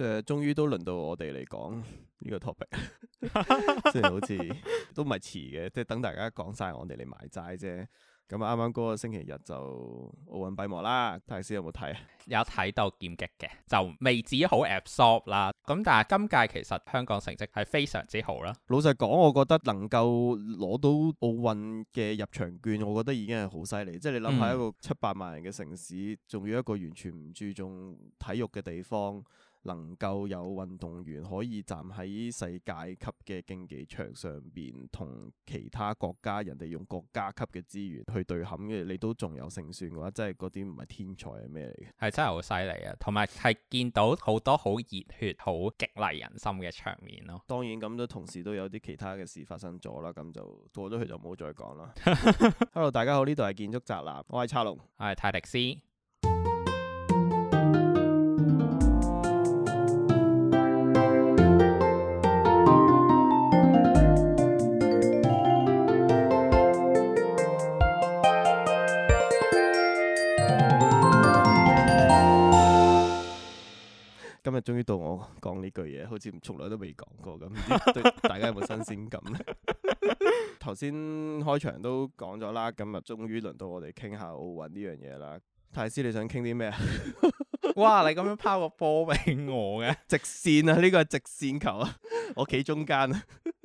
即係終於都輪到我哋嚟講呢個 topic，即係好似像 都唔係遲嘅，即係等大家講晒我哋嚟埋債啫。咁啱啱嗰個星期日就奧運閉幕啦。泰斯有冇睇啊？有睇到劍擊嘅，就未至於好 absorbed 啦。咁但係今屆其實香港成績係非常之好啦。老實講，我覺得能夠攞到奧運嘅入場券，我覺得已經係好犀利。即係你諗下一個七百萬人嘅城市，仲、嗯、要一個完全唔注重體育嘅地方。能夠有運動員可以站喺世界級嘅競技場上面，同其他國家人哋用國家級嘅資源去對撼嘅，你都仲有勝算嘅話，真係嗰啲唔係天才係咩嚟嘅？係真係好犀利啊！同埋係見到好多好熱血、好激勵人心嘅場面咯。當然咁都同時都有啲其他嘅事發生咗啦。咁就過咗去就唔好再講啦。 Hello，大家好，呢度係建築宅男，我係叉龍，我係泰迪斯。終於到我講呢句嘢，好似從來都未講過咁，大家有冇新鮮感咧？頭先 開場都講咗啦，今日終於輪到我哋傾下奧運呢樣嘢啦。泰師你想傾啲咩啊？ 哇！你咁樣拋個波俾我嘅， 直線啊！呢個係直線球啊！我企中間啊！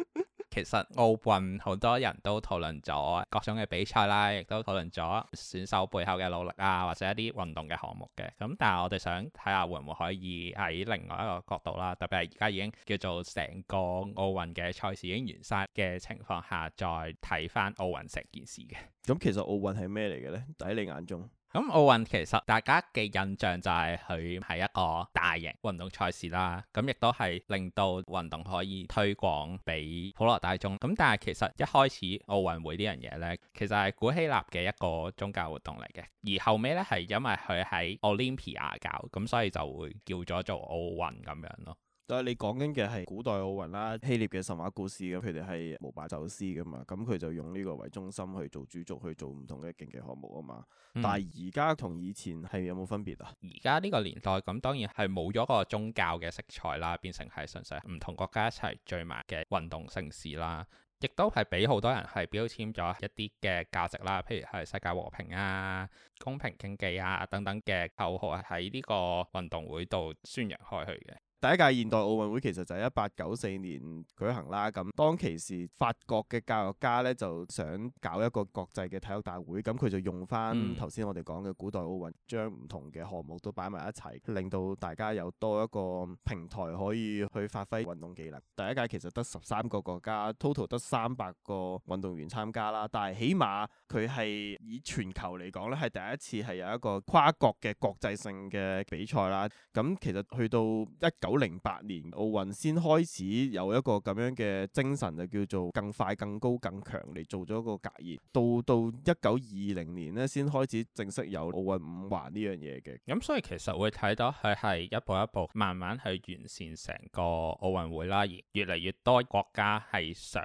其實奧運好多人都討論咗各種嘅比賽啦，亦都討論咗選手背後嘅努力啊，或者一啲運動嘅項目嘅。咁但係我哋想睇下會唔會可以喺另外一個角度啦，特別係而家已經叫做成個奧運嘅賽事已經完晒嘅情況下，再睇翻奧運成件事嘅。咁其實奧運係咩嚟嘅呢？睇你眼中？咁奧運其實大家嘅印象就係佢係一個大型運動賽事啦，咁亦都係令到運動可以推廣俾普羅大眾。咁但係其實一開始奧運會呢樣嘢呢，其實係古希臘嘅一個宗教活動嚟嘅，而後尾呢係因為佢喺 Olympia 搞，咁所以就會叫咗做奧運咁樣咯。但係你講緊嘅係古代奧運啦，希臘嘅神話故事咁，佢哋係無霸宙斯噶嘛，咁佢就用呢個為中心去做主軸去做唔同嘅競技項目啊嘛。嗯、但係而家同以前係有冇分別啊？而家呢個年代咁當然係冇咗個宗教嘅色彩啦，變成係純粹唔同國家一齊聚埋嘅運動盛事啦，亦都係俾好多人係標籤咗一啲嘅價值啦，譬如係世界和平啊、公平競技啊等等嘅口號喺呢個運動會度宣揚開去嘅。第一屆現代奧運會其實就係一八九四年舉行啦，咁當其時法國嘅教育家咧就想搞一個國際嘅體育大會，咁佢就用翻頭先我哋講嘅古代奧運，將唔同嘅項目都擺埋一齊，令到大家有多一個平台可以去發揮運動技能。第一屆其實得十三個國家，total 得三百個運動員參加啦，但係起碼佢係以全球嚟講咧，係第一次係有一個跨國嘅國際性嘅比賽啦。咁其實去到一九零八年奧運先開始有一個咁樣嘅精神，就叫做更快、更高、更強嚟做咗一個格言。到到一九二零年咧，先開始正式有奧運五環呢樣嘢嘅。咁所以其實會睇到佢係一步一步慢慢去完善成個奧運會啦，而越嚟越多國家係想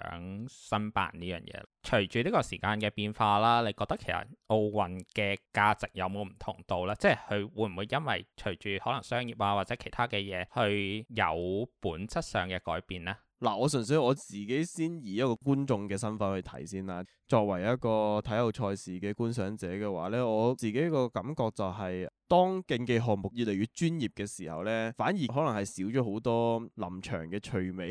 申辦呢樣嘢。隨住呢個時間嘅變化啦，你覺得其實奧運嘅價值有冇唔同度呢？即係佢會唔會因為隨住可能商業啊或者其他嘅嘢，去有本質上嘅改變呢？嗱，我純粹我自己先以一個觀眾嘅身份去睇先啦。作為一個體育賽事嘅觀賞者嘅話呢，我自己個感覺就係、是，當競技項目越嚟越專業嘅時候呢，反而可能係少咗好多臨場嘅趣味。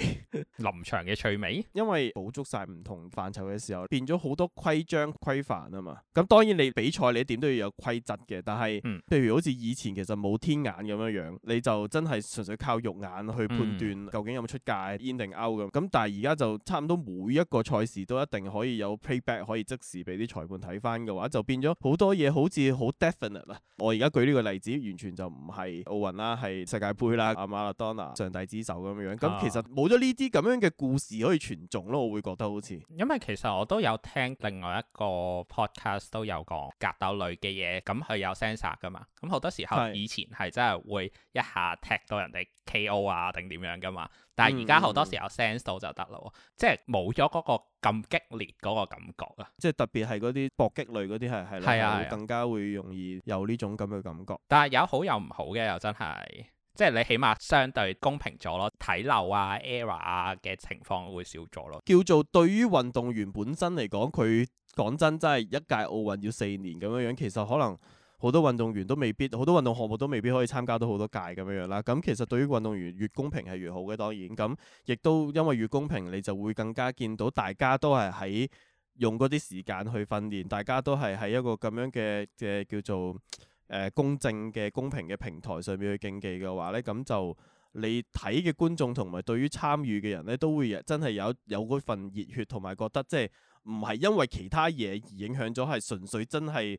臨 場嘅趣味，因為補足晒唔同範疇嘅時候，變咗好多規章規範啊嘛。咁當然你比賽你點都要有規則嘅，但係譬、嗯、如好似以前其實冇天眼咁樣樣，你就真係純粹靠肉眼去判斷究竟有冇出界、嗯、in 定 out 咁。咁但係而家就差唔多每一個賽事都一定可以有可以即時俾啲裁判睇翻嘅話，就變咗好多嘢，好似好 definite 啊！我而家舉呢個例子，完全就唔係奧運啦，係世界盃啦，阿馬勒當拿上帝之手咁樣樣。咁其實冇咗呢啲咁樣嘅故事可以傳頌咯，我會覺得好似、啊。因為其實我都有聽另外一個 podcast 都有講格鬥類嘅嘢，咁、嗯、佢有 sensor 噶嘛，咁、嗯、好多時候以前係真係會一下踢到人哋 KO 啊定點樣噶嘛。但而家好多時候 sense 到就得咯，嗯、即係冇咗嗰個咁激烈嗰個感覺啊！即係特別係嗰啲搏擊類嗰啲係係係更加會容易有呢種咁嘅感覺。但係有好有唔好嘅，又真係即係你起碼相對公平咗咯，睇漏啊、error 啊嘅情況會少咗咯。叫做對於運動員本身嚟講，佢講真真係一屆奧運要四年咁樣樣，其實可能。好多運動員都未必，好多運動項目都未必可以參加到好多屆咁樣樣啦。咁其實對於運動員，越公平係越好嘅，當然。咁亦都因為越公平，你就會更加見到大家都係喺用嗰啲時間去訓練，大家都係喺一個咁樣嘅嘅叫做誒、呃、公正嘅公平嘅平台上面去競技嘅話咧，咁就你睇嘅觀眾同埋對於參與嘅人呢，都會真係有有嗰份熱血同埋覺得，即係唔係因為其他嘢而影響咗，係純粹真係。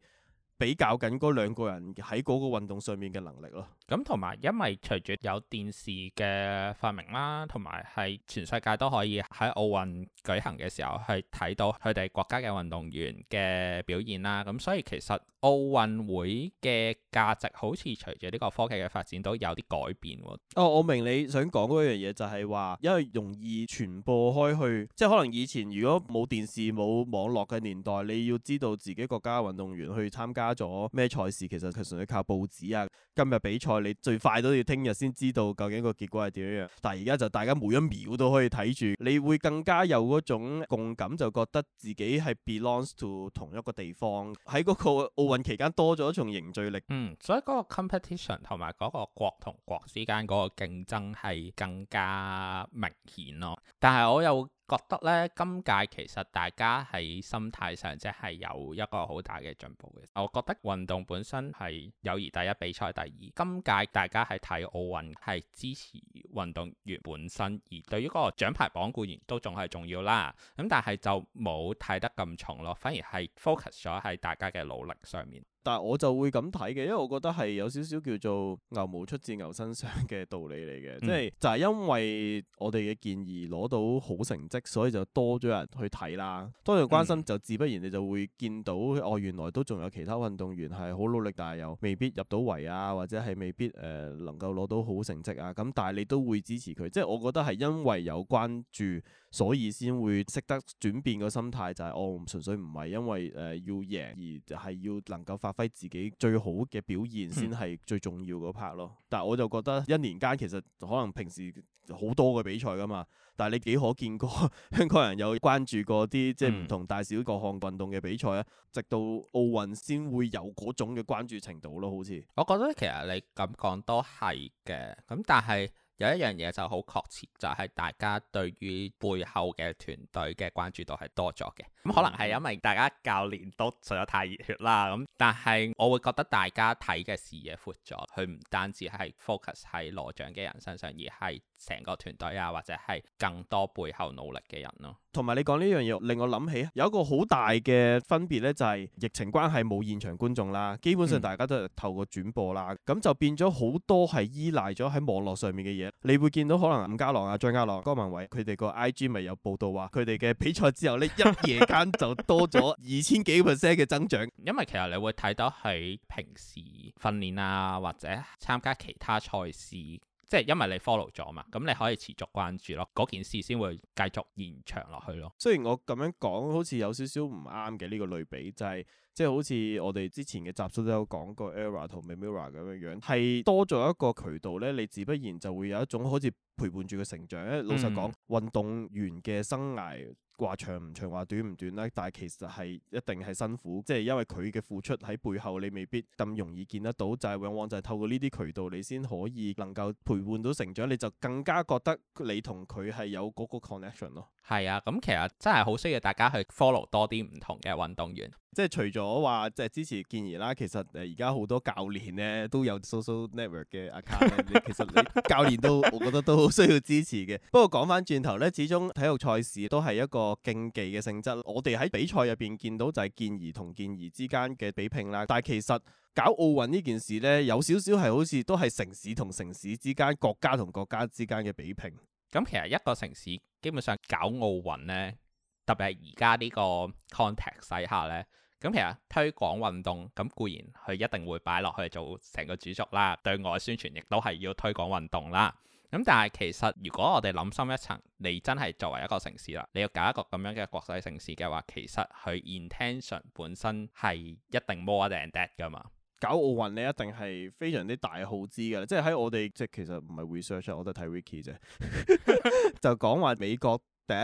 比較緊嗰兩個人喺嗰個運動上面嘅能力咯。咁同埋，因為隨住有電視嘅發明啦、啊，同埋係全世界都可以喺奧運舉行嘅時候去睇到佢哋國家嘅運動員嘅表現啦、啊，咁所以其實奧運會嘅價值好似隨住呢個科技嘅發展都有啲改變，哦，我明你想講嗰樣嘢就係話因為容易傳播開去，即係可能以前如果冇電視冇網絡嘅年代，你要知道自己國家運動員去參加咗咩賽事，其實佢純粹靠報紙啊，今日比賽。你最快都要聽日先知道究竟個結果係點樣，但係而家就大家每一秒都可以睇住，你會更加有嗰種共感，就覺得自己係 belongs to 同一個地方。喺嗰個奧運期間多咗一種凝聚力。嗯，所以嗰個 competition 同埋嗰個國同國之間嗰個競爭係更加明顯咯。但係我又覺得咧，今屆其實大家喺心態上即係有一個好大嘅進步嘅。我覺得運動本身係友誼第一，比賽第二。今屆大家係睇奧運係支持運動員本身，而對於個獎牌榜固然都仲係重要啦。咁但係就冇睇得咁重咯，反而係 focus 咗喺大家嘅努力上面。但我就會咁睇嘅，因為我覺得係有少少叫做牛毛出自牛身上嘅道理嚟嘅，嗯、即係就係因為我哋嘅建議攞到好成績，所以就多咗人去睇啦，多咗關心，就自不然你就會見到、嗯、哦，原來都仲有其他運動員係好努力，但係又未必入到圍啊，或者係未必誒、呃、能夠攞到好成績啊，咁但係你都會支持佢，即係我覺得係因為有關注。所以先會識得轉變個心態、就係，就係我純粹唔係因為誒、呃、要贏，而係要能夠發揮自己最好嘅表現先係最重要嗰 part 咯。嗯、但係我就覺得一年間其實可能平時好多嘅比賽㗎嘛，但係你幾可見過 香港人有關注過啲即係唔同大小各項運動嘅比賽咧？嗯、直到奧運先會有嗰種嘅關注程度咯，好似我覺得其實你咁講都係嘅，咁但係。有一樣嘢就好確切，就係、是、大家對於背後嘅團隊嘅關注度係多咗嘅。咁、嗯、可能係因為大家教練都實在太熱血啦。咁、嗯，但係我會覺得大家睇嘅視野闊咗，佢唔單止係 focus 喺攞獎嘅人身上，而係成個團隊啊，或者係更多背後努力嘅人咯。同埋你講呢樣嘢，令我諗起有一個好大嘅分別咧，就係、是、疫情關係冇現場觀眾啦，基本上大家都係透過轉播啦，咁、嗯、就變咗好多係依賴咗喺網絡上面嘅嘢。你會見到可能伍家朗啊、張家朗、江旻憓佢哋個 IG 咪有報道話佢哋嘅比賽之後呢，呢一夜間就多咗二千幾 percent 嘅增長。因為其實你會睇到喺平時訓練啊，或者參加其他賽事。即係因為你 follow 咗嘛，咁你可以持續關注咯，嗰件事先會繼續延長落去咯。雖然我咁樣講好似有少少唔啱嘅呢個類比，就係、是、即係好似我哋之前嘅集數都有講過 Era 同 Mirror 咁樣樣，係多咗一個渠道咧，你自不然就會有一種好似陪伴住佢成長，誒，老實講、嗯、運動員嘅生涯話長唔長話短唔短咧，但係其實係一定係辛苦，即係因為佢嘅付出喺背後你未必咁容易見得到，就係往往就係透過呢啲渠道，你先可以能夠陪伴到成長，你就更加覺得你同佢係有個個 connection 咯。係啊，咁、嗯、其實真係好需要大家去 follow 多啲唔同嘅運動員，即係除咗話即係支持健兒啦，其實誒而家好多教練咧都有 social network 嘅 account， 其實你教練都，我覺得都。 需要支持嘅。不過講翻轉頭呢，始終體育賽事都係一個競技嘅性質。我哋喺比賽入邊見到就係健兒同健兒之間嘅比拼啦。但係其實搞奧運呢件事呢，有少少係好似都係城市同城市之間、國家同國家之間嘅比拼。咁其實一個城市基本上搞奧運呢，特別係而家呢個 contact 使下呢，咁其實推廣運動咁固然佢一定會擺落去做成個主軸啦，對外宣傳亦都係要推廣運動啦。咁但係其實如果我哋諗深一層，你真係作為一個城市啦，你要搞一個咁樣嘅國際城市嘅話，其實佢 intention 本身係一定 more than that 噶嘛。搞奧運你一定係非常之大耗資噶，即係喺我哋即係其實唔係 research，我都睇 wiki 啫， 就講話美國第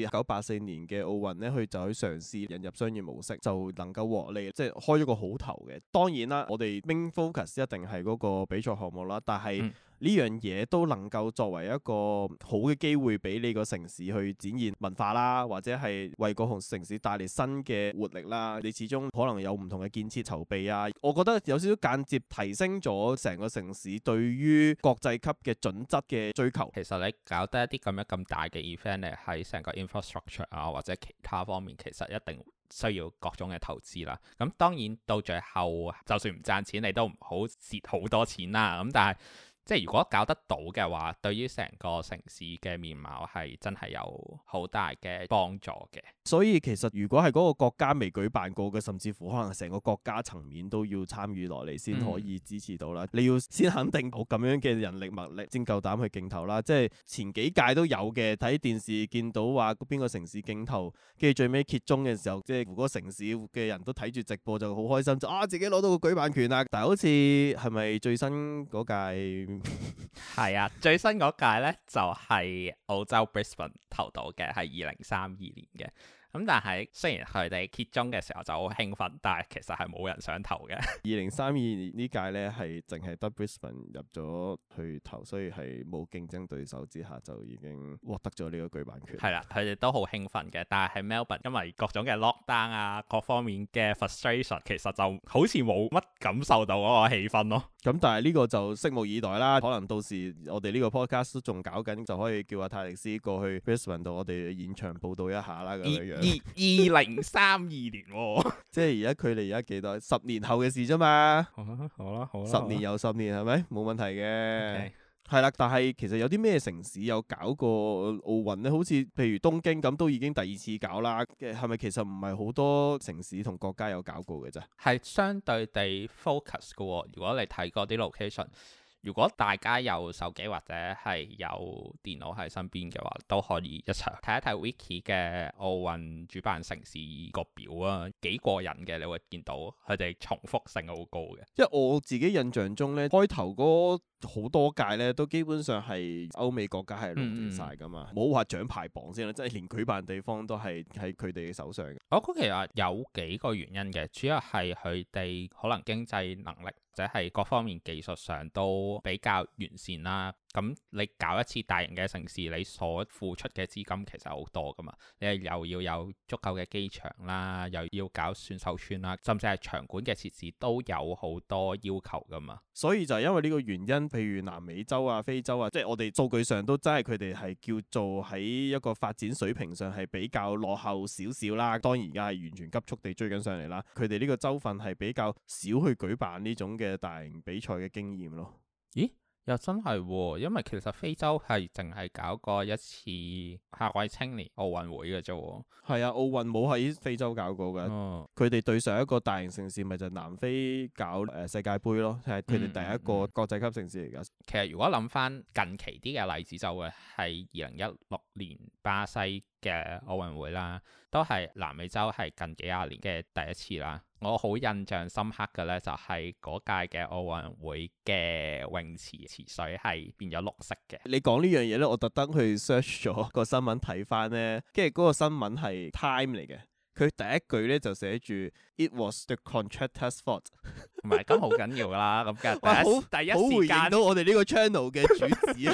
一次九八四年嘅奧運咧，佢就去嘗試引入商業模式，就能夠獲利，即係開咗個好頭嘅。當然啦，我哋 main focus 一定係嗰個比賽項目啦，但係，嗯。呢樣嘢都能夠作為一個好嘅機會，俾你個城市去展現文化啦，或者係為個城市帶嚟新嘅活力啦。你始終可能有唔同嘅建設籌備啊。我覺得有少少間接提升咗成個城市對於國際級嘅準則嘅追求。其實你搞得一啲咁樣咁大嘅 event 咧，喺成個 infrastructure 啊，或者其他方面，其實一定需要各種嘅投資啦。咁當然到最後，就算唔賺錢，你都唔好蝕好多錢啦。咁但係。即係如果搞得到嘅話，對於成個城市嘅面貌係真係有好大嘅幫助嘅。所以其實如果係嗰個國家未舉辦過嘅，甚至乎可能成個國家層面都要參與落嚟先可以支持到啦。嗯、你要先肯定好咁樣嘅人力物力，先夠膽去競投啦。即係前幾屆都有嘅，睇電視見到話邊個城市競投，跟住最尾揭盅嘅時候，即係嗰個城市嘅人都睇住直播就好開心，就啊自己攞到個舉辦權啦！但係好似係咪最新嗰屆？係 啊，最新嗰屆呢就係、是、澳洲 Brisbane 投到嘅，係二零三二年嘅。咁、嗯、但係雖然佢哋揭盅嘅時候就好興奮，但係其實係冇人想投嘅。二零三二年呢屆咧係淨係得 Brisbane 入咗去投，所以係冇競爭對手之下就已經獲得咗呢個舉辦權。係啦、嗯，佢哋都好興奮嘅，但係喺 Melbourne 因為各種嘅 lockdown 啊，各方面嘅 frustration 其實就好似冇乜感受到嗰個氣氛咯、啊。咁、嗯、但係呢個就拭目以待啦。可能到時我哋呢個 podcast 仲搞緊，就可以叫阿泰迪斯過去 Brisbane 度，我哋現場報導一下啦咁樣樣。二二零三二年，即係而家距離而家幾耐？十年後嘅事啫嘛。好啦，好啦，十年又十年，係咪？冇問題嘅。係啦 Okay.，但係其實有啲咩城市有搞過奧運咧？好似譬如東京咁，都已經第二次搞啦。係咪其實唔係好多城市同國家有搞過嘅啫？係相對地 focus 嘅，哦。如果你睇過啲 location。如果大家有手機或者係有電腦喺身邊嘅話，都可以一齊睇一睇 Wiki 嘅奧運主辦城市個表啊，幾過癮嘅！你會見到佢哋重複性好高嘅，因為我自己印象中咧，開頭嗰好多屆咧都基本上係歐美國家係壟斷晒噶嘛，冇話獎牌榜先啦，即係連舉辦地方都係喺佢哋嘅手上。我覺、哦、其實有幾個原因嘅，主要係佢哋可能經濟能力。或者係各方面技術上都比較完善啦。咁你搞一次大型嘅城市，你所付出嘅資金其實好多噶嘛？你又要有足夠嘅機場啦，又要搞選手村啦，甚至係場館嘅設置都有好多要求噶嘛。所以就係因為呢個原因，譬如南美洲啊、非洲啊，即係我哋數據上都真係佢哋係叫做喺一個發展水平上係比較落後少少啦。當然而家係完全急速地追緊上嚟啦。佢哋呢個州份係比較少去舉辦呢種嘅大型比賽嘅經驗咯。咦？又真係、哦，因為其實非洲係淨係搞過一次夏季青年奧運會嘅啫。係啊，奧運冇喺非洲搞過嘅。佢哋、哦、對上一個大型城市，咪就是、南非搞誒、呃、世界杯咯，係佢哋第一個國際級城市嚟㗎、嗯嗯嗯。其實如果諗返近期啲嘅例子，就會係二零一六年巴西嘅奧運會啦，都係南美洲係近幾廿年嘅第一次啦。我好印象深刻嘅咧，就係嗰屆嘅奧運會嘅泳池池水係變咗綠色嘅。你講呢樣嘢咧，我特登去 search 咗個新聞睇翻咧，跟住嗰個新聞係 Time 嚟嘅，佢第一句咧就寫住。，It was the contractor's fault 唔係咁好緊要啦。咁嘅哇，好第一時間到我哋呢個 channel 嘅主旨，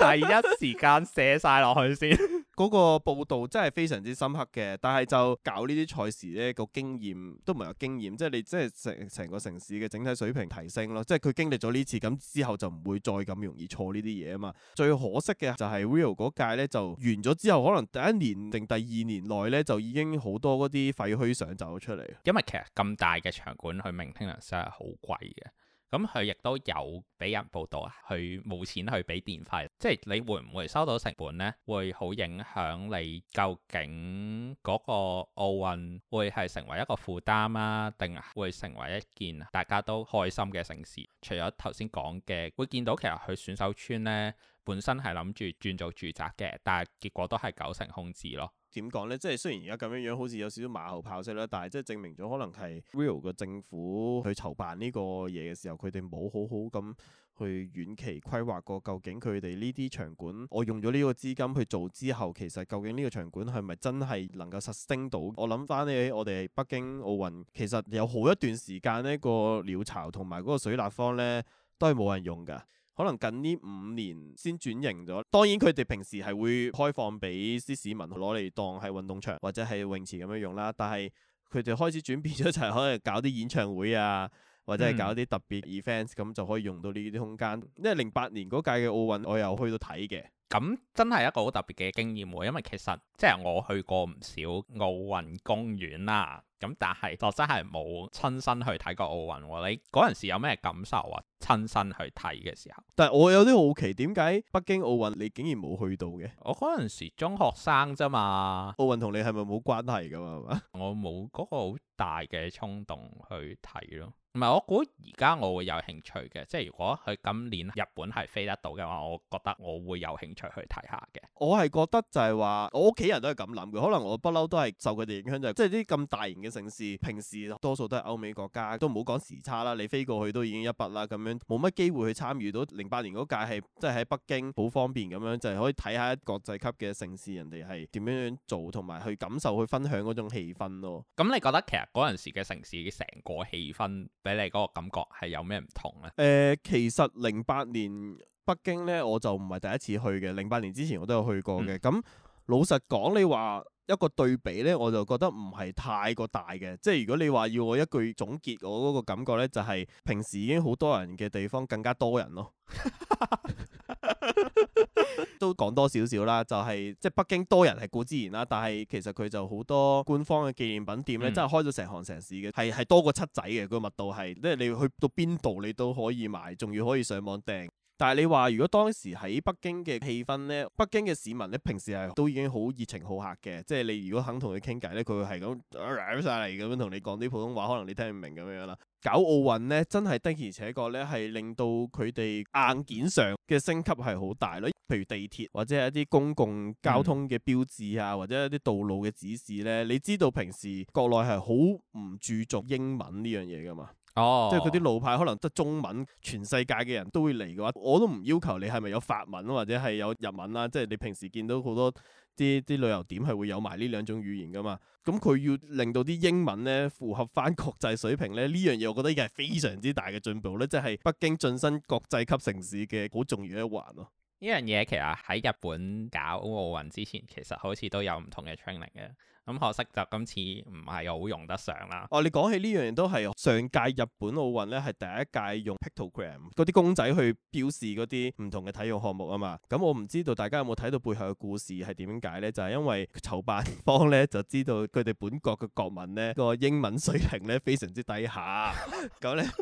第一時間寫晒落去先。個報道真係非常之深刻嘅，但係就搞呢啲賽事咧，個經驗都唔係話經驗，即係你即係成成個城市嘅整體水平提升咯。即係佢經歷咗呢次，咁之後就唔會再咁容易錯呢啲嘢啊嘛。最可惜嘅就係 Rio 嗰屆咧，就完咗之後可能第一年定第二年內咧，就已經好多啲廢墟上走出嚟。因為其實咁大嘅場館去明興量收係好貴嘅，咁佢亦都有俾人報道，佢冇錢去俾電費，即係你會唔會收到成本呢？會好影響你究竟嗰個奧運會係成為一個負擔啊，定會成為一件大家都開心嘅盛事？除咗頭先講嘅，會見到其實佢選手村呢本身係諗住轉做住宅嘅，但係結果都係九成空置咯。點講呢？即係雖然而家咁樣樣好似有少少馬後炮式啦，但係即係證明咗可能係 Real 嘅政府去籌辦呢個嘢嘅時候，佢哋冇好好咁去遠期規劃過，究竟佢哋呢啲場館，我用咗呢個資金去做之後，其實究竟呢個場館係咪真係能夠提升到？我諗翻起我哋北京奧運，其實有好一段時間呢個鳥巢同埋嗰個水立方呢，都係冇人用噶。可能近呢五年先轉型咗，當然佢哋平時係會開放俾啲市民攞嚟當係運動場或者係泳池咁樣用啦，但係佢哋開始轉變咗就係可能搞啲演唱會啊。或者係搞啲特別 event 咁、嗯、就可以用到呢啲空間。因為零八年嗰屆嘅奧運，我又去到睇嘅。咁真係一個好特別嘅經驗喎，因為其實即係、就是、我去過唔少奧運公園啦。咁但係就真係冇親身去睇過奧運。你嗰陣時有咩感受啊？親身去睇嘅時候。但係我有啲好奇，點解北京奧運你竟然冇去到嘅？我嗰陣時中學生啫嘛，奧運同你係咪冇關係噶嘛？我冇嗰個好大嘅衝動去睇咯。唔係，我估而家我會有興趣嘅，即係如果佢今年日本係飛得到嘅話，我覺得我會有興趣去睇下嘅。我係覺得就係話，我屋企人都係咁諗嘅，可能我不嬲都係受佢哋影響、就係，就係即係啲咁大型嘅城市，平時多數都係歐美國家，都唔好講時差啦，你飛過去都已經一百啦，咁樣冇乜機會去參與到零八年嗰屆係，即係喺北京好方便咁樣，就係、係、可以睇下國際級嘅城市，人哋係點樣樣做，同埋去感受去分享嗰種氣氛咯。咁你覺得其實嗰陣時嘅城市成個氣氛？俾你嗰個感覺係有咩唔同呢？誒、呃，其實零八年北京呢，我就唔係第一次去嘅，零八年之前我都有去過嘅。咁、嗯、老實講，你話一個對比呢，我就覺得唔係太過大嘅。即係如果你話要我一句總結，我嗰個感覺呢，就係、是、平時已經好多人嘅地方更加多人咯。 都講多少少啦，就係、是、即係北京多人係固之然啦，但係其實佢就好多官方嘅紀念品店咧，嗯、真係開咗成行成市嘅，係係多過七仔嘅，個密度係，即係你去到邊度你都可以買，仲要可以上網訂。但係你話，如果當時喺北京嘅氣氛咧，北京嘅市民咧，平時係都已經好熱情好客嘅，即係你如果肯同佢傾偈咧，佢會係咁 rap 晒嚟咁樣同你講啲普通話，可能你聽唔明咁樣啦。搞奧運咧，真係的而且確咧，係令到佢哋硬件上嘅升級係好大咯。譬如地鐵或者係一啲公共交通嘅標誌啊，嗯、或者一啲道路嘅指示咧，你知道平時國內係好唔注重英文呢樣嘢㗎嘛？哦，oh. 即係佢啲路牌可能得中文，全世界嘅人都會嚟嘅話，我都唔要求你係咪有法文、啊、或者係有日文啦、啊。即係你平時見到好多啲啲旅遊點係會有埋呢兩種語言噶嘛。咁、嗯、佢要令到啲英文咧符合翻國際水平咧，呢樣嘢我覺得已經係非常之大嘅進步咧，即係北京晉身國際級城市嘅好重要一環咯、啊。呢樣嘢其實喺日本搞奧運之前，其實好似都有唔同嘅 training 嘅。咁可惜就今次唔係好用得上啦。哦，你講起呢樣嘢都係上屆日本奧運咧，係第一屆用 pictogram 嗰啲公仔去表示嗰啲唔同嘅體育項目啊嘛。咁我唔知道大家有冇睇到背後嘅故事係點解咧？就係、是、因為籌辦方咧就知道佢哋本國嘅國民咧個英文水平咧非常之低下，咁咧 樣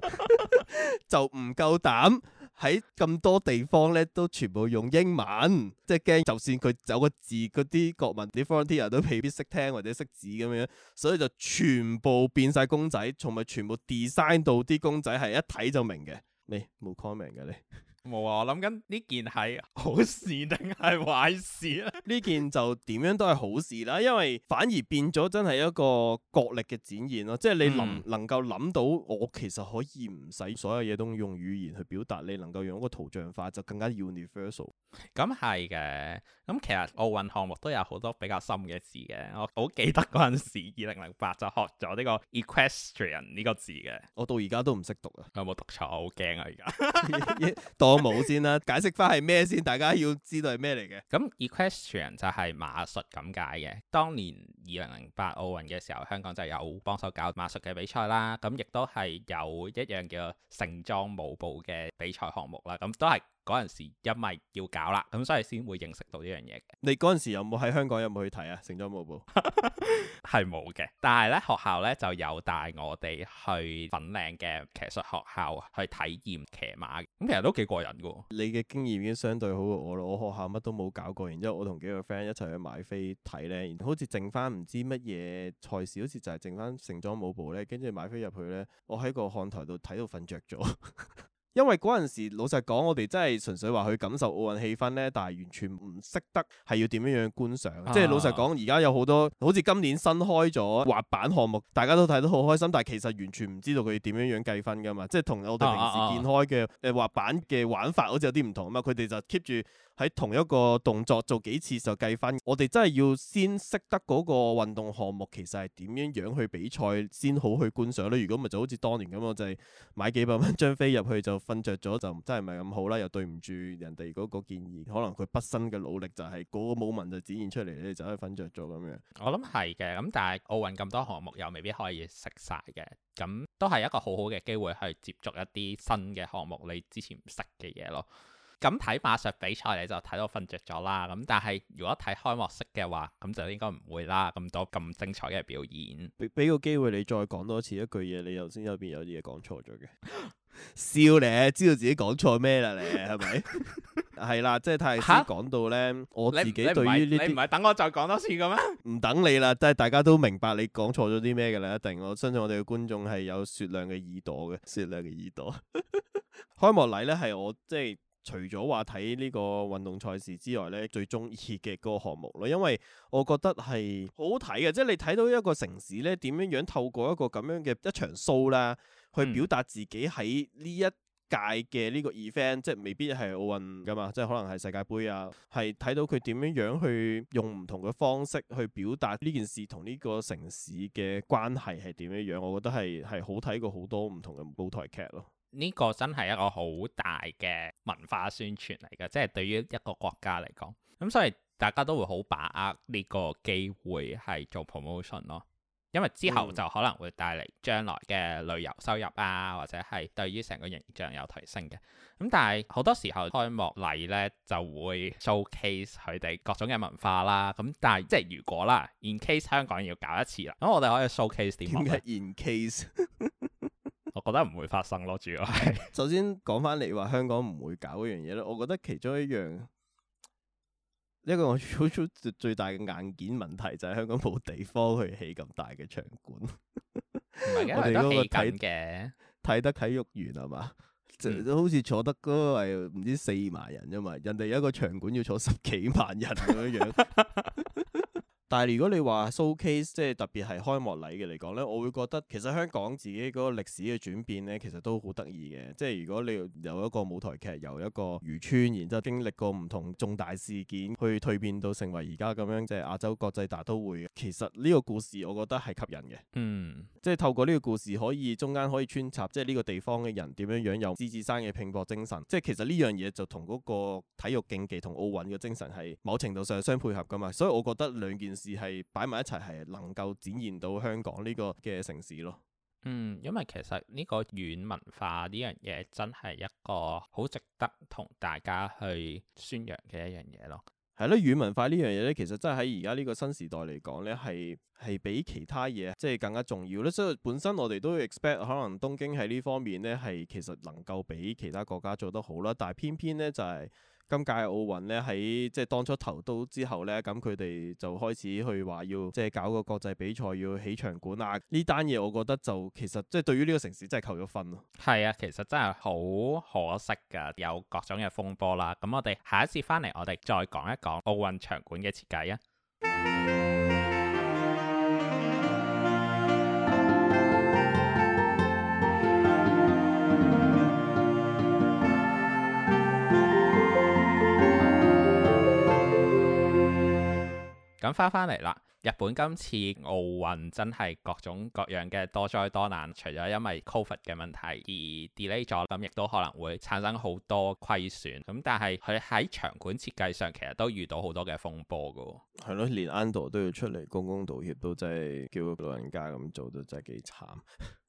就唔夠膽。喺咁多地方咧，都全部用英文，即係驚，就算佢有個字，嗰啲國民啲 frontier 都未必識聽或者識字咁樣，所以就全部變晒公仔，同埋全部 design 到啲公仔係一睇就明嘅。哎，你冇 comment 嘅你。冇啊！我諗緊呢件係好事定係壞事咧？呢 件就點樣都係好事啦，因為反而變咗真係一個國力嘅展現咯。即係你能、嗯、能夠諗到，我其實可以唔使所有嘢都用語言去表達你，你能夠用一個圖像化就更加 universal。咁係嘅，咁、嗯、其實奧運項目都有好多比較深嘅字嘅。我好記得嗰陣時，二零零八就學咗呢個 equestrian 呢個字嘅，我到而家都唔識讀啊！有冇讀錯？我好驚啊！而家 我冇 先啦，解釋翻係咩先，大家要知道係咩嚟嘅。咁 Equestrian 就係馬術咁解嘅。當年二零零八奧運嘅時候，香港就有幫手搞馬術嘅比賽啦。咁亦都係有一樣叫做盛裝舞步嘅比賽項目啦。咁都係。嗰陣時因為要搞啦，咁所以先會認識到呢樣嘢嘅。你嗰陣時有冇喺香港有冇去睇啊？盛裝舞步係冇嘅，但係呢，學校呢就有帶我哋去粉嶺嘅騎術學校去體驗騎馬，咁其實都幾過癮噶。你嘅經驗已經相對好過我咯，我學校乜都冇搞過，然之後我同幾個 friend 一齊去買飛睇呢。然，好似剩翻唔知乜嘢賽事，好似就係剩翻盛裝舞步呢。跟住買飛入去呢，我喺個看台度睇到瞓着咗。因為嗰陣時，老實講，我哋真係純粹話去感受奧運氣氛呢，但係完全唔識得係要點樣樣觀賞。啊、即係老實講，而家有好多，好似今年新開咗滑板項目，大家都睇得好開心，但係其實完全唔知道佢點樣樣計分噶嘛。即係同我哋平時見開嘅誒滑板嘅玩法好似有啲唔同啊嘛。佢哋就 keep 住。喺同一個動作做幾次就計返，我哋真係要先識得嗰個運動項目其實係點樣樣去比賽先好去觀賞咧。如果唔係就好似當年咁，我就係買幾百蚊張飛入去就瞓着咗，就真係唔係咁好啦。又對唔住人哋嗰個建議，可能佢畢生嘅努力就係嗰個 moment 就展現出嚟，你就可以瞓着咗咁樣。我諗係嘅，咁但係奧運咁多項目又未必可以食晒嘅，咁都係一個好好嘅機會，係接觸一啲新嘅項目你之前唔識嘅嘢咯。咁睇馬術比賽你就睇到瞓着咗啦，咁但係如果睇開幕式嘅話，咁就應該唔會啦，咁多咁精彩嘅表演。俾俾個機會你再講多一次一句嘢，你頭先有邊有啲嘢講錯咗嘅？笑你，知道自己講錯咩啦？你係咪？係 啦，即係太先講到呢。啊、我自己對於呢啲你唔係等我再講多次嘅咩？唔等你啦，即係大家都明白你講錯咗啲咩嘅啦，一定。我相信我哋嘅觀眾係有雪亮嘅耳朵嘅，雪亮嘅耳朵。 開幕禮呢係我即係。除咗話睇呢個運動賽事之外呢，最中意嘅嗰個項目咯，因為我覺得係好好睇嘅，即係你睇到一個城市呢，點樣樣透過一個咁樣嘅一場 show 啦，去表達自己喺呢一屆嘅呢個 event，、嗯、即係未必係奧運噶嘛，即係可能係世界杯啊，係睇到佢點樣樣去用唔同嘅方式去表達呢件事同呢個城市嘅關係係點樣樣，我覺得係係好睇過好多唔同嘅舞台劇咯。呢個真係一個好大嘅文化宣傳嚟嘅，即係對於一個國家嚟講，咁所以大家都會好把握呢個機會係做 promotion 咯，因為之後就可能會帶嚟將來嘅旅遊收入啊，或者係對於成個形象有提升嘅。咁但係好多時候開幕禮呢就會 showcase 佢哋各種嘅文化啦。咁但係即係如果啦，in case 香港要搞一次啦，咁我哋可以 showcase 點？in case 我覺得唔會發生咯，主要係 首先講翻你話香港唔會搞嗰樣嘢咧。我覺得其中一樣一個我最大嘅硬件問題就係香港冇地方去起咁大嘅場館。 我哋嗰個睇嘅睇得體育園係嘛，就、嗯、好似坐得嗰個係唔知四萬人咋嘛，人哋有一個場館要坐十幾萬人咁樣樣。 但係如果你話 showcase 即係特別係開幕禮嘅嚟講呢，我會覺得其實香港自己嗰個歷史嘅轉變呢，其實都好得意嘅。即係如果你由一個舞台劇，由一個漁村，然之後經歷過唔同重大事件，去蛻變到成為而家咁樣即係亞洲國際大都會，其實呢個故事我覺得係吸引嘅。嗯，即係透過呢個故事可以中間可以穿插，即係呢個地方嘅人點樣樣有獅子山嘅拼搏精神。即係其實呢樣嘢就同嗰個體育競技同奧運嘅精神係某程度上相配合㗎嘛。所以我覺得兩件事。是係擺埋一齊係能夠展現到香港呢個嘅城市咯。嗯，因為其實呢個軟文化呢樣嘢真係一個好值得同大家去宣揚嘅一樣嘢咯。係咯，軟文化呢樣嘢咧，其實真係喺而家呢個新時代嚟講咧，係係比其他嘢即係更加重要咧。所以本身我哋都 expect 可能東京喺呢方面咧係其實能夠比其他國家做得好啦，但係偏偏咧就係、是。今屆奧運咧喺即係當初投到之後咧，咁佢哋就開始去話要即係搞個國際比賽，要起場館啊！呢單嘢我覺得就其實即係對於呢個城市真係扣咗分咯。係啊，其實真係好可惜㗎，有各種嘅風波啦。咁我哋下一次翻嚟，我哋再講一講奧運場館嘅設計啊。 咁翻翻嚟啦，日本今次奧運真係各種各樣嘅多災多難，除咗因為 Covid 嘅問題而 delay 咗，咁亦都可能會產生好多虧損。咁但係佢喺場館設計上，其實都遇到好多嘅風波噶。係咯，連安藤都要出嚟公公道歉，都真係叫老人家咁做，都真係幾慘。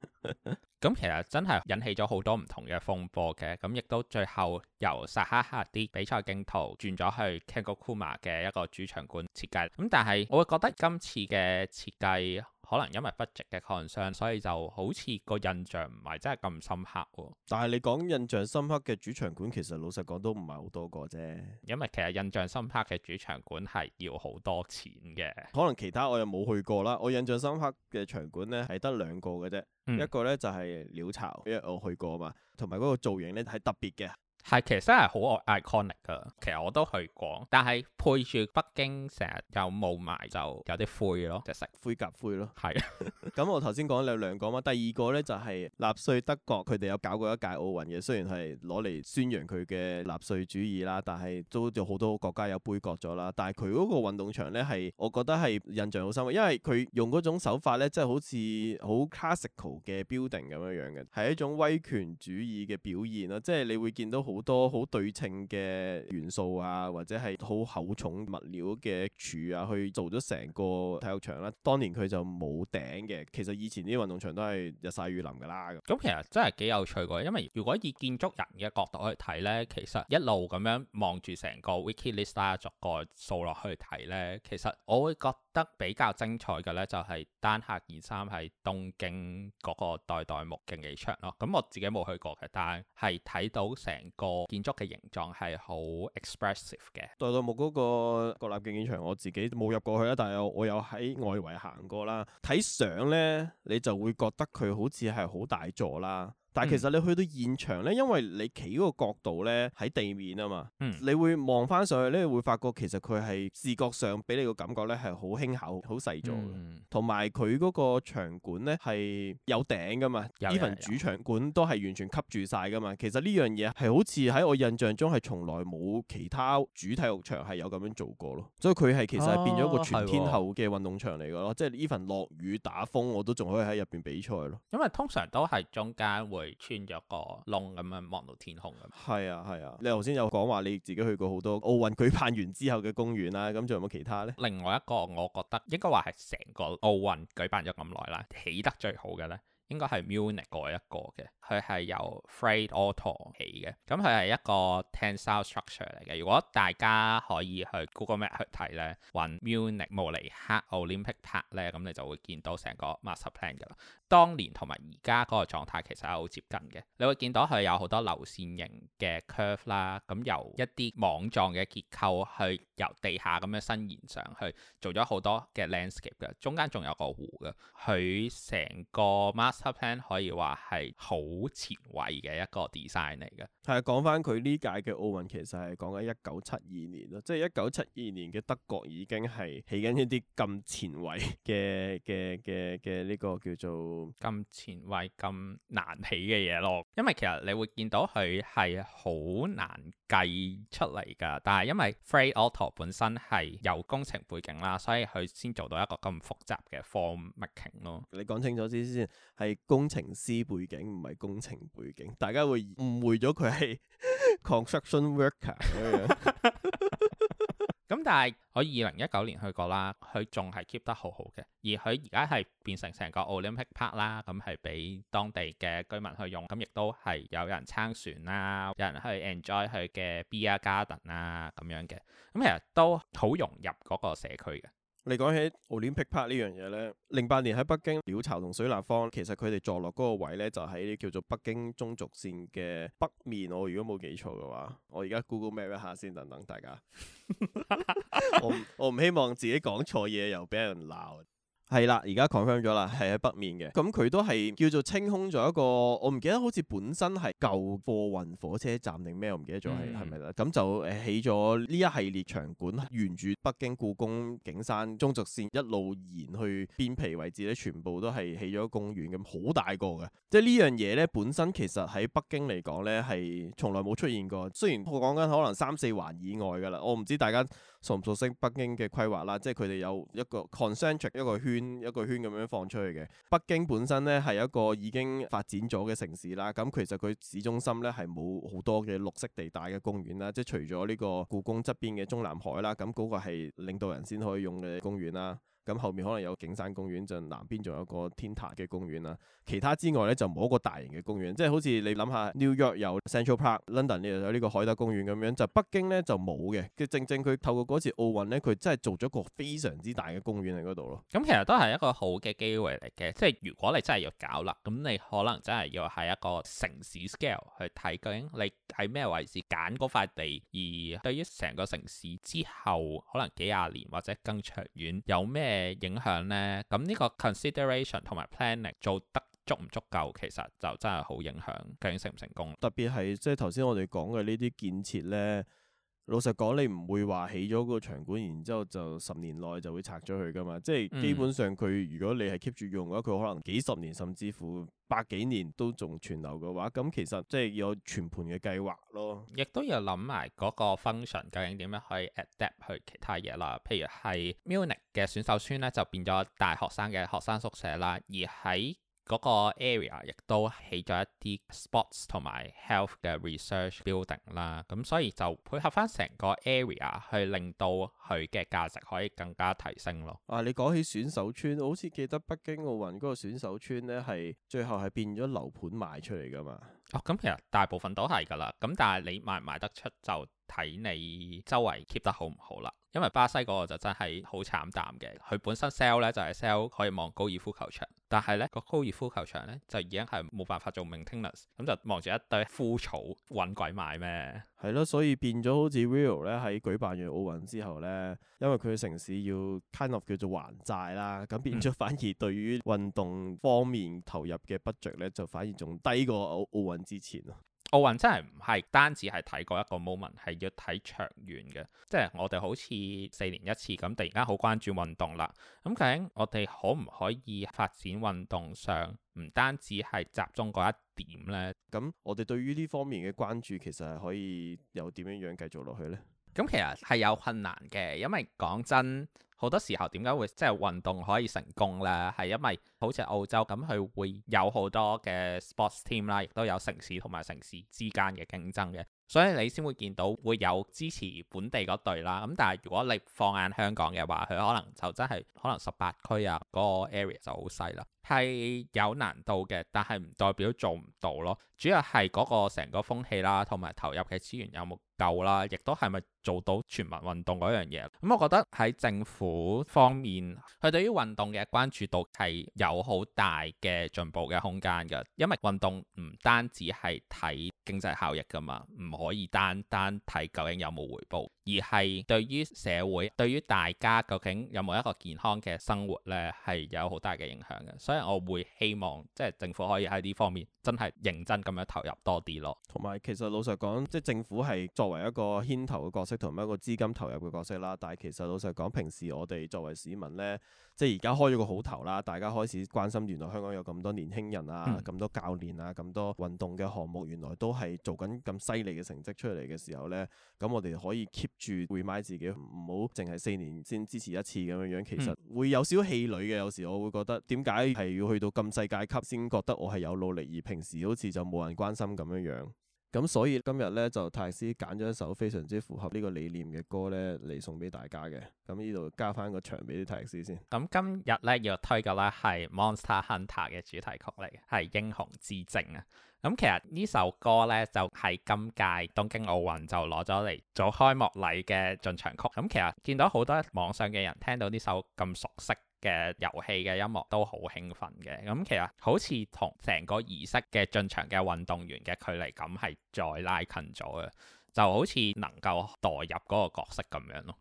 咁 其實真係引起咗好多唔同嘅風波嘅，咁亦都最後由撒哈哈啲比賽鏡頭轉咗去 Kengo Kuma 嘅一個主場館設計，咁但係我會覺得今次嘅設計。可能因為 budget 嘅擴張，所以就好似個印象唔係真係咁深刻喎。但係你講印象深刻嘅主場館，其實老實講都唔係好多個啫。因為其實印象深刻嘅主場館係要好多錢嘅。可能其他我又冇去過啦。我印象深刻嘅場館呢係得兩個嘅啫，嗯、一個呢就係鳥巢，因為我去過啊嘛，同埋嗰個造型呢係特別嘅。係，其實真係好 iconic 㗎。其實我都去過，但係配住北京成日有霧霾，就有啲灰咯，就食灰夾灰咯。係是。咁 我頭先講咗兩個嘛，第二個咧就係納粹德國，佢哋有搞過一屆奧運嘅。雖然係攞嚟宣揚佢嘅納粹主義啦，但係都有好多國家有杯葛咗啦。但係佢嗰個運動場咧係，我覺得係印象好深刻，因為佢用嗰種手法咧，即係好似好 classical 嘅 building 咁樣樣嘅，係一種威權主義嘅表現啦。即係你會見到。好多好對稱嘅元素啊，或者係好厚重物料嘅柱啊，去做咗成個體育場啦、啊。當年佢就冇頂嘅，其實以前啲運動場都係日曬雨淋㗎啦。咁其實真係幾有趣嘅，因為如果以建築人嘅角度去睇咧，其實一路咁樣望住成個 wiki list 啦、啊，逐個數落去睇咧，其實我會覺得比較精彩嘅咧就係、是、丹下健三喺東京嗰個代代木競技場咯。咁我自己冇去過嘅，但係睇到成個建築嘅形狀係好 expressive 嘅，代代木嗰個國立競技場，我自己冇入過去啦，但係我有喺外圍行過啦，睇相呢，你就會覺得佢好似係好大座啦。但係其實你去到現場咧，嗯、因為你企嗰個角度咧喺地面啊嘛，嗯、你會望翻上去咧，你會發覺其實佢係視覺上俾你個感覺咧係好輕巧、好細咗。同埋佢嗰個場館咧係有頂噶嘛，依份有主場館都係完全吸住晒噶嘛。其實呢樣嘢係好似喺我印象中係從來冇其他主體育場係有咁樣做過咯。所以佢係其實變咗一個全天候嘅運動場嚟噶咯，哦、即係依份落雨打風我都仲可以喺入邊比賽咯。因為通常都係中間會。穿咗個窿咁樣望到天空咁。係啊，係啊，你頭先有講話你自己去過好多奧運舉辦完之後嘅公園啦、啊，咁仲有冇其他呢？另外一個我覺得應該話係成個奧運舉辦咗咁耐啦，起得最好嘅呢。應該係 Munich 嗰一個嘅，佢係由 Frei Otto 起嘅，咁佢係一個 tensile structure 嚟嘅。如果大家可以去 Google Map 去睇咧，揾 Munich 慕尼克 Olympic Park 咧，咁你就會見到成個 master plan 噶啦。當年同埋而家嗰個狀態其實係好接近嘅，你會見到佢有好多流線型嘅 curve 啦，咁由一啲網狀嘅結構去由地下咁樣伸延上去，做咗好多嘅 landscape 噶，中間仲有個湖噶，佢成個 master 可以話係好前衞嘅一個 design 嚟嘅。係啊，講翻佢呢屆嘅奧運，其實係講緊一九七二年咯，即係一九七二年嘅德國已經係起緊一啲咁前衞嘅嘅嘅嘅呢個叫做咁前衞、咁難起嘅嘢咯。因為其實你會見到佢係好難計出嚟㗎，但係因為 Frei Otto 本身係有工程背景啦，所以佢先做到一個咁複雜嘅 framework 咯。你講清楚啲先，係。工程師背景唔係工程背景，大家會誤會咗佢係 construction worker 咁樣。咁但係我二零一九年去過啦，佢仲係 keep 得好好嘅。而佢而家係變成成個 Olympic Park 啦，咁係俾當地嘅居民去用，咁亦都係有人撐船，船啦，有人去 enjoy 佢嘅 beer garden 啦。咁樣嘅。咁其實都好融入嗰個社區嘅。你講起 p i c 奧戀皮拍呢樣嘢咧，零八年喺北京鳥巢同水立方，其實佢哋坐落嗰個位咧，就喺、是、叫做北京中軸線嘅北面。我如果冇記錯嘅話，我而家 Google Map 一下先，等等大家。 我我唔希望自己講錯嘢又俾人鬧。係啦，而家 confirm 咗啦，係喺北面嘅。咁佢都係叫做清空咗一個，我唔記得好似本身係舊貨運火車站定咩，我唔記得咗係係咪啦。咁就誒起咗呢一系列場館，沿住北京故宮景山中軸線一路沿去邊皮位置咧，全部都係起咗公園咁，好大個嘅。即係呢樣嘢咧，本身其實喺北京嚟講咧係從來冇出現過。雖然我講緊可能三四環以外㗎啦，我唔知大家。熟唔熟悉北京嘅規劃啦？即係佢哋有一個 concentric 一個圈一個圈咁樣放出去嘅。北京本身咧係一個已經發展咗嘅城市啦。咁其實佢市中心咧係冇好多嘅綠色地帶嘅公園啦。即係除咗呢個故宮側邊嘅中南海啦，咁嗰個係領導人先可以用嘅公園啦。咁後面可能有景山公園，就南邊仲有個天壇嘅公園啦。其他之外咧就冇一個大型嘅公園，即係好似你諗下 New York 有 Central Park，London 呢度有呢個海德公園咁樣，就北京咧就冇嘅。佢正正佢透過嗰次奧運咧，佢真係做咗一個非常之大嘅公園喺嗰度咯。咁其實都係一個好嘅機會嚟嘅，即係如果你真係要搞啦，咁你可能真係要喺一個城市 scale 去睇，究竟你喺咩位置揀嗰塊地，而對於成個城市之後可能幾廿年或者更長遠有咩影響呢？咁呢個 consideration 同埋 planning 做得足唔足夠，其實就真係好影響究竟成唔成功。特別係即係頭先我哋講嘅呢啲建設呢。老實講，你唔會話起咗個場館，然之後就十年內就會拆咗佢噶嘛？即係基本上佢如果你係 keep 住用嘅話，佢可能幾十年甚至乎百幾年都仲存留嘅話，咁其實即係有全盤嘅計劃咯。亦都有諗埋嗰個 function，究竟點樣可以 adapt 去其他嘢啦？譬如係 Munich 嘅選手村咧，就變咗大學生嘅學生宿舍啦，而喺嗰個 area 亦都起咗一啲 sports 同埋 health 嘅 research building 啦，咁所以就配合翻成個 area 去令到佢嘅價值可以更加提升咯。啊，你講起選手村，我好似記得北京奧運嗰個選手村咧，係最後係變咗樓盤賣出嚟噶嘛？哦，咁其實大部分都係噶啦，咁但係你賣唔賣得出就睇你周圍 keep 得好唔好啦。因為巴西嗰個就真係好慘淡嘅，佢本身 sell 咧就係、是、sell 可以望高爾夫球場，但係咧個高爾夫球場咧就已經係冇辦法做 maintenance，咁就望住一堆枯草揾鬼買咩？係咯，所以變咗好似 Rio 咧喺舉辦完奧運之後咧，因為佢嘅城市要 kind of 叫做還債啦，咁變咗反而對於運動方面投入嘅 budget 咧，就反而仲低過奧運之前咯。奧運真係唔係單止係睇嗰一個 moment，係要睇長遠嘅。即係我哋好似四年一次咁，突然間好關注運動啦。咁究竟我哋可唔可以發展運動上唔單止係集中嗰一點呢？咁我哋對於呢方面嘅關注其實係可以有點樣樣繼續落去呢？咁其實係有困難嘅，因為講真。好多時候點解會即係運動可以成功咧？係因為好似澳洲咁，佢會有好多嘅 sports team 啦，亦都有城市同埋城市之間嘅競爭嘅。所以你先會見到會有支持本地嗰隊啦，咁但係如果你放眼香港嘅話，佢可能就真係可能十八區啊嗰個 area 就好細啦，係有難度嘅，但係唔代表做唔到咯。主要係嗰個成個風氣啦，同埋投入嘅資源有冇夠啦，亦都係咪做到全民運動嗰樣嘢？咁、嗯、我覺得喺政府方面，佢對於運動嘅關注度係有好大嘅進步嘅空間㗎，因為運動唔單止係睇經濟效益㗎嘛，唔可以單單睇究竟有冇回報，而係對於社會、對於大家究竟有冇一個健康嘅生活呢，係有好大嘅影響嘅。所以我會希望即係政府可以喺呢方面真係認真咁樣投入多啲咯。同埋其實老實講，即係政府係作為一個牽頭嘅角色，同埋一個資金投入嘅角色啦。但係其實老實講，平時我哋作為市民呢。即係而家開咗個好頭啦，大家開始關心原來香港有咁多年輕人啊，咁、嗯、多教練啊，咁多運動嘅項目，原來都係做緊咁犀利嘅成績出嚟嘅時候呢。咁我哋可以 keep 住 remind 自己，唔好淨係四年先支持一次咁樣樣，其實會有少少氣餒嘅。有時我會覺得點解係要去到咁世界級先覺得我係有努力，而平時好似就冇人關心咁樣樣。咁所以今日咧就泰斯揀咗一首非常之符合呢個理念嘅歌咧嚟送俾大家嘅。咁呢度加翻個場俾啲泰斯先。咁今日咧要推嘅咧係 Monster Hunter 嘅主題曲嚟嘅，係《英雄之證》啊。咁其實呢首歌咧就係今屆東京奧運就攞咗嚟做開幕禮嘅進場曲。咁其實見到好多網上嘅人聽到呢首咁熟悉嘅遊戲嘅音樂都好興奮嘅，咁其實好似同成個儀式嘅進場嘅運動員嘅距離感係再拉近咗嘅，就好似能夠代入嗰個角色咁樣咯。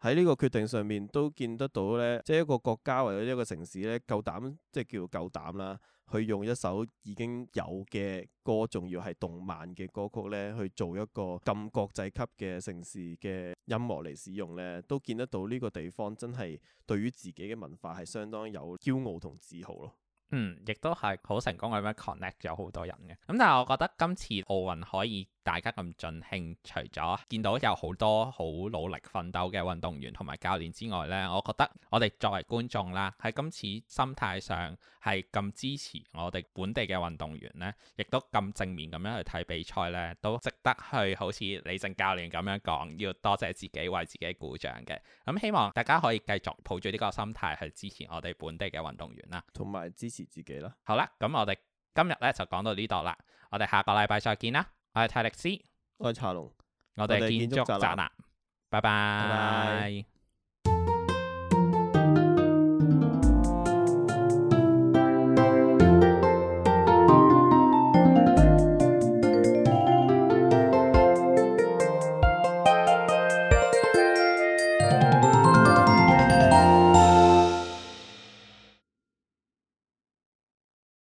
喺呢個決定上面都見得到呢，即係一個國家或者一個城市呢，夠膽，即係叫夠膽啦。去用一首已經有嘅歌，仲要係動漫嘅歌曲咧，去做一個咁國際級嘅城市嘅音樂嚟使用咧，都見得到呢個地方真係對於自己嘅文化係相當有驕傲同自豪咯。嗯，亦都係好成功嘅，connect 咗好多人嘅。咁、嗯、但係我覺得今次奧運可以。大家咁盡興，除咗見到有好多好努力奮鬥嘅運動員同埋教練之外呢，我覺得我哋作為觀眾啦，喺今次心態上係咁支持我哋本地嘅運動員呢，亦都咁正面咁樣去睇比賽呢都值得去好似李靜教練咁樣講，要多謝自己為自己鼓掌嘅。咁希望大家可以繼續抱住呢個心態去支持我哋本地嘅運動員啦，同埋支持自己咯。好啦，咁我哋今日呢就講到呢度啦，我哋下個禮拜再見啦。我係泰力斯，我係茶龍，我哋係建築宅男，拜拜。拜拜拜拜。